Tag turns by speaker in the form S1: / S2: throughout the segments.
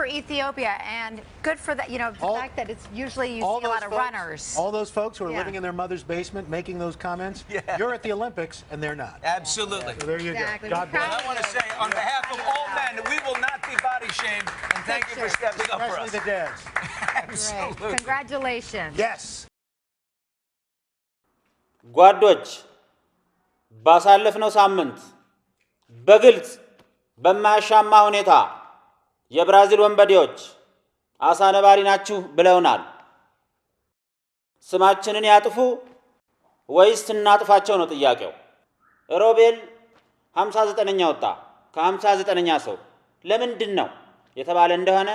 S1: for Ethiopia, and good for that. You know, the all, fact that it's usually you see a lot of runners.
S2: All those folks who are yeah. living in their mother's basement making those comments. Yeah. You're at the Olympics, and they're not.
S3: Absolutely. Yeah. So there
S2: you exactly. go. God bless. I
S3: want to say, on behalf of all men, we will not be body shamed, and thank That's you for stepping up for
S2: us. the dads.
S3: Absolutely.
S1: Congratulations.
S2: Yes.
S4: ጓዶች ባሳለፍነው ሳምንት በግልጽ በማያሻማ ሁኔታ የብራዚል ወንበዴዎች አሳ ነባሪ ናችሁ ብለውናል። ስማችንን ያጥፉ ወይስ እናጥፋቸው ነው ጥያቄው። ሮቤል 59ኛ ወጣ ከ59ኛ ሰው ለምንድን ነው የተባለ እንደሆነ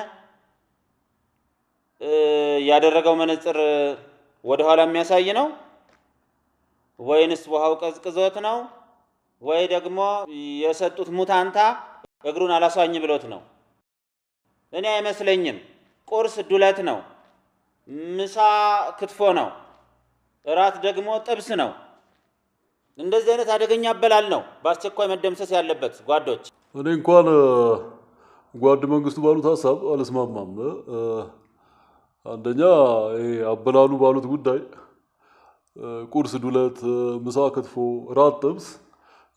S4: ያደረገው መነጽር ወደኋላ የሚያሳይ ነው ወይንስ ውሃው ቀዝቅዞት ነው ወይ ደግሞ የሰጡት ሙታንታ እግሩን አላሷኝ ብሎት ነው? እኔ አይመስለኝም። ቁርስ ዱለት ነው፣ ምሳ ክትፎ ነው፣ እራት ደግሞ ጥብስ ነው። እንደዚህ አይነት አደገኛ አበላል ነው በአስቸኳይ መደምሰስ ያለበት። ጓዶች፣
S5: እኔ እንኳን ጓድ መንግስቱ ባሉት ሀሳብ አልስማማም። አንደኛ አበላሉ ባሉት ጉዳይ ቁርስ ዱለት፣ ምሳ ክትፎ፣ ራት ጥብስ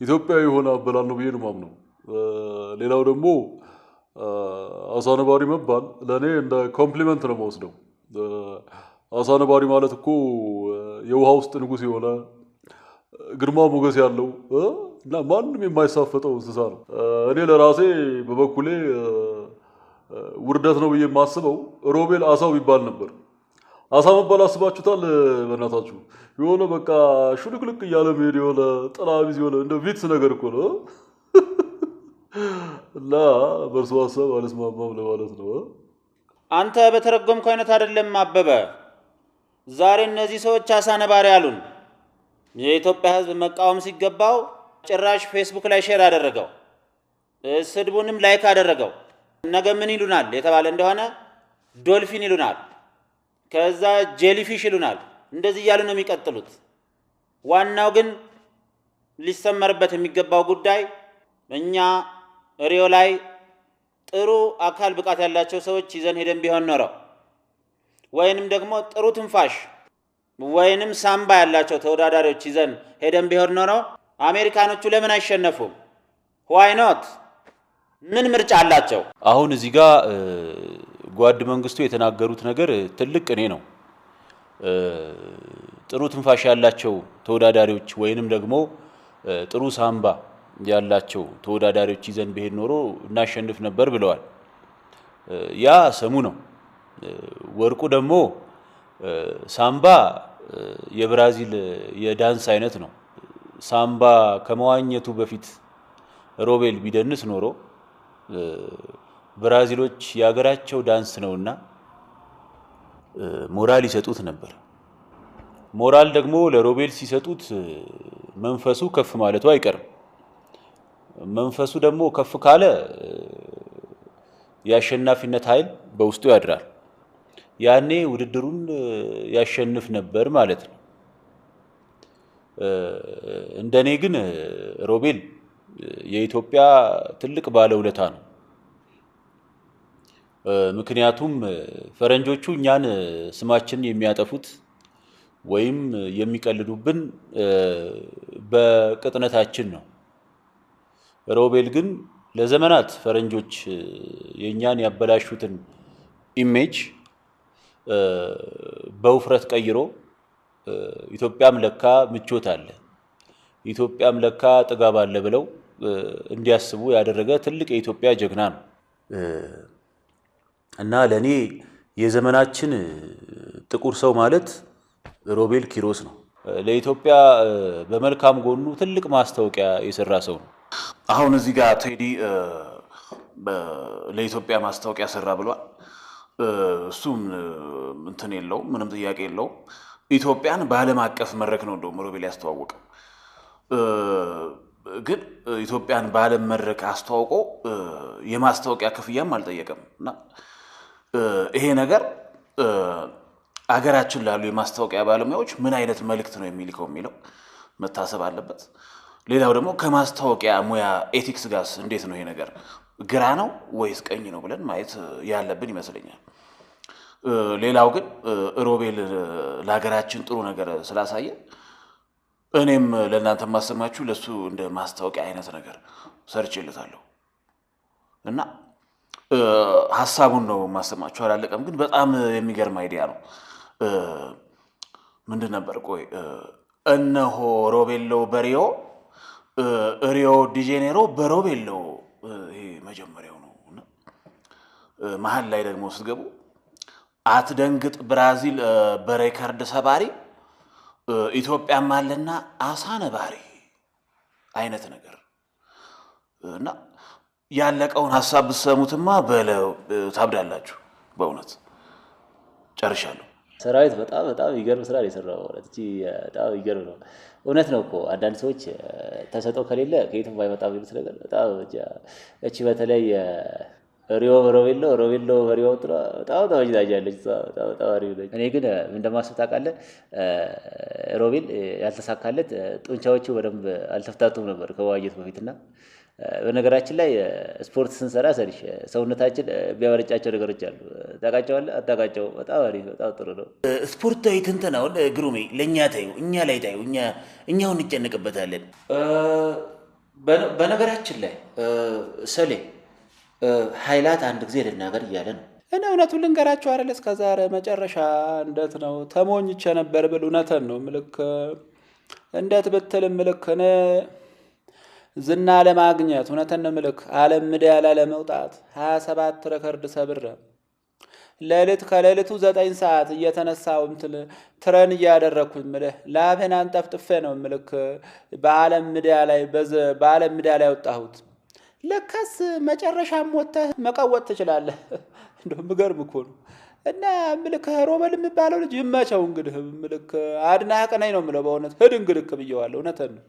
S5: ኢትዮጵያዊ የሆነ አበላል ነው ብዬ ነው የማምነው። ሌላው ደግሞ አሳነባሪ መባል ለእኔ እንደ ኮምፕሊመንት ነው መወስደው። አሳነባሪ ማለት እኮ የውሃ ውስጥ ንጉስ የሆነ ግርማ ሞገስ ያለው እና ማንም የማይሳፈጠው እንስሳ ነው። እኔ ለራሴ በበኩሌ ውርደት ነው ብዬ የማስበው ሮቤል አሳው ይባል ነበር። አሳ መባል አስባችሁታል? በእናታችሁ የሆነ በቃ ሹልክልክ እያለ መሄድ የሆነ ጥላ ቢዝ የሆነ እንደ ቪትስ ነገር እኮ ነው።
S4: እና በእርሱ ሀሳብ አልስማማም ለማለት ነው። አንተ በተረጎም አይነት አይደለም አበበ። ዛሬ እነዚህ ሰዎች አሳ ነባሪ አሉን። የኢትዮጵያ ሕዝብ መቃወም ሲገባው ጭራሽ ፌስቡክ ላይ ሼር አደረገው፣ ስድቡንም ላይክ አደረገው። ነገ ምን ይሉናል የተባለ እንደሆነ ዶልፊን ይሉናል፣ ከዛ ጄሊፊሽ ይሉናል። እንደዚህ እያሉ ነው የሚቀጥሉት። ዋናው ግን ሊሰመርበት የሚገባው ጉዳይ እኛ ሪዮ ላይ ጥሩ አካል ብቃት ያላቸው ሰዎች ይዘን ሄደን ቢሆን ኖረው ወይንም ደግሞ ጥሩ ትንፋሽ ወይንም ሳምባ ያላቸው ተወዳዳሪዎች ይዘን ሄደን ቢሆን ኖረው አሜሪካኖቹ ለምን አይሸነፉም? ዋይ ኖት? ምን ምርጫ አላቸው? አሁን እዚህ ጋር ጓድ መንግስቱ የተናገሩት ነገር ትልቅ እኔ ነው። ጥሩ ትንፋሽ ያላቸው ተወዳዳሪዎች ወይንም ደግሞ ጥሩ ሳምባ ያላቸው ተወዳዳሪዎች ይዘን ብሄድ ኖሮ እናሸንፍ ነበር ብለዋል። ያ ስሙ ነው። ወርቁ ደግሞ ሳምባ የብራዚል የዳንስ አይነት ነው። ሳምባ ከመዋኘቱ በፊት ሮቤል ቢደንስ ኖሮ ብራዚሎች የሀገራቸው ዳንስ ነውና ሞራል ይሰጡት ነበር። ሞራል ደግሞ ለሮቤል ሲሰጡት መንፈሱ ከፍ ማለቱ አይቀርም። መንፈሱ ደግሞ ከፍ ካለ የአሸናፊነት ኃይል በውስጡ ያድራል። ያኔ ውድድሩን ያሸንፍ ነበር ማለት ነው። እንደኔ ግን ሮቤል የኢትዮጵያ ትልቅ ባለውለታ ነው። ምክንያቱም ፈረንጆቹ እኛን ስማችን የሚያጠፉት ወይም የሚቀልዱብን በቅጥነታችን ነው። ሮቤል ግን ለዘመናት ፈረንጆች የእኛን ያበላሹትን ኢሜጅ በውፍረት ቀይሮ ኢትዮጵያም ለካ ምቾት አለ፣ ኢትዮጵያም ለካ ጥጋብ አለ ብለው እንዲያስቡ ያደረገ ትልቅ የኢትዮጵያ ጀግና ነው እና ለእኔ የዘመናችን ጥቁር ሰው ማለት ሮቤል ኪሮስ ነው። ለኢትዮጵያ በመልካም ጎኑ ትልቅ ማስታወቂያ የሰራ ሰው ነው። አሁን እዚህ ጋር ቴዲ ለኢትዮጵያ ማስታወቂያ ሰራ ብሏል። እሱም እንትን የለው ምንም ጥያቄ የለውም። ኢትዮጵያን በዓለም አቀፍ መድረክ ነው እንደውም ሮቤል ያስተዋወቀው። ግን ኢትዮጵያን በዓለም መድረክ አስተዋውቆ የማስታወቂያ ክፍያም አልጠየቀም እና ይሄ ነገር አገራችን ላሉ የማስታወቂያ ባለሙያዎች ምን አይነት መልእክት ነው የሚልከው የሚለው መታሰብ አለበት። ሌላው ደግሞ ከማስታወቂያ ሙያ ኤቲክስ ጋስ እንዴት ነው ይሄ ነገር ግራ ነው ወይስ ቀኝ ነው ብለን ማየት ያለብን ይመስለኛል። ሌላው ግን ሮቤል ለሀገራችን ጥሩ ነገር ስላሳየ እኔም ለእናንተ ማሰማችሁ ለሱ እንደ ማስታወቂያ አይነት ነገር ሰርችልታለሁ እና ሀሳቡን ነው ማሰማችሁ አላለቀም ግን በጣም የሚገርም አይዲያ ነው። ምንድን ነበር ቆይ እነሆ ሮቤሎ በሪዮ ሪዮ ዲጄኔሮ በሮብ የለው ይሄ መጀመሪያው ነው መሀል ላይ ደግሞ ስትገቡ አትደንግጥ ብራዚል በሬከርድ ሰባሪ ኢትዮጵያም አለና አሳ ነባሪ አይነት ነገር እና ያለቀውን ሀሳብ ብትሰሙትማ በለው ታብዳላችሁ። በእውነት ጨርሻለሁ። ሰራዊት በጣም በጣም ይገርም ስራ የሰራው ማለት በጣም ይገርም ነው። እውነት ነው እኮ አንዳንድ ሰዎች ተሰጠው ከሌለ ከየትም ባይመጣ የሚሉት ነገር በጣም እቺ በተለይ ሪዮ ሮቤሎ ሮቤሎ ሪዮ በጣም ተመችታኛለች። በጣም እኔ ግን እንደማስብ ታውቃለህ፣ ሮቤል ያልተሳካለት ጡንቻዎቹ በደንብ አልተፍታቱም ነበር ከመዋኘት በፊትና በነገራችን ላይ ስፖርት ስንሰራ ሰሪሽ ሰውነታችን ቢያበረጫቸው ነገሮች አሉ። ታውቃቸዋለህ? አታውቃቸው። በጣም አሪፍ፣ በጣም ጥሩ ነው። ስፖርታዊ ትንተናውን ግሩሜ ለእኛ ታዩ፣ እኛ ላይ ታዩ፣ እኛው እንጨነቅበታለን። በነገራችን ላይ ሰሌ ኃይላት አንድ ጊዜ ልናገር እያለ ነው እና እውነቱን ልንገራቸው አይደል? እስከ ዛሬ መጨረሻ እንደት ነው ተሞኝቼ ነበር ብል እውነተን ነው ምልክ እንደት ብትልም ምልክ እኔ ዝና ለማግኘት እውነትን ምልክ አለም ምድያ ለመውጣት 27 ሰባት ረከርድ ሰብረ ሌሊት ከሌሊቱ ዘጠኝ ሰዓት እየተነሳው ምትል ትረን እያደረግኩኝ ምልህ ላፌን አንጠፍጥፌ ነው ምልክ በአለም ምድያ ላይ በአለም ምድያ ላይ ወጣሁት። ለካስ መጨረሻም ወጥተህ መቀወጥ ትችላለህ። እንደው ምገርም እኮ ነው። እና ምልክ ሮበል የሚባለው ልጅ ይመቸው እንግዲህ ምልክ አድናህ ቅናኝ ነው ምለው በእውነት ሂድ እንግልክ ብየዋለሁ። እውነትን ነው።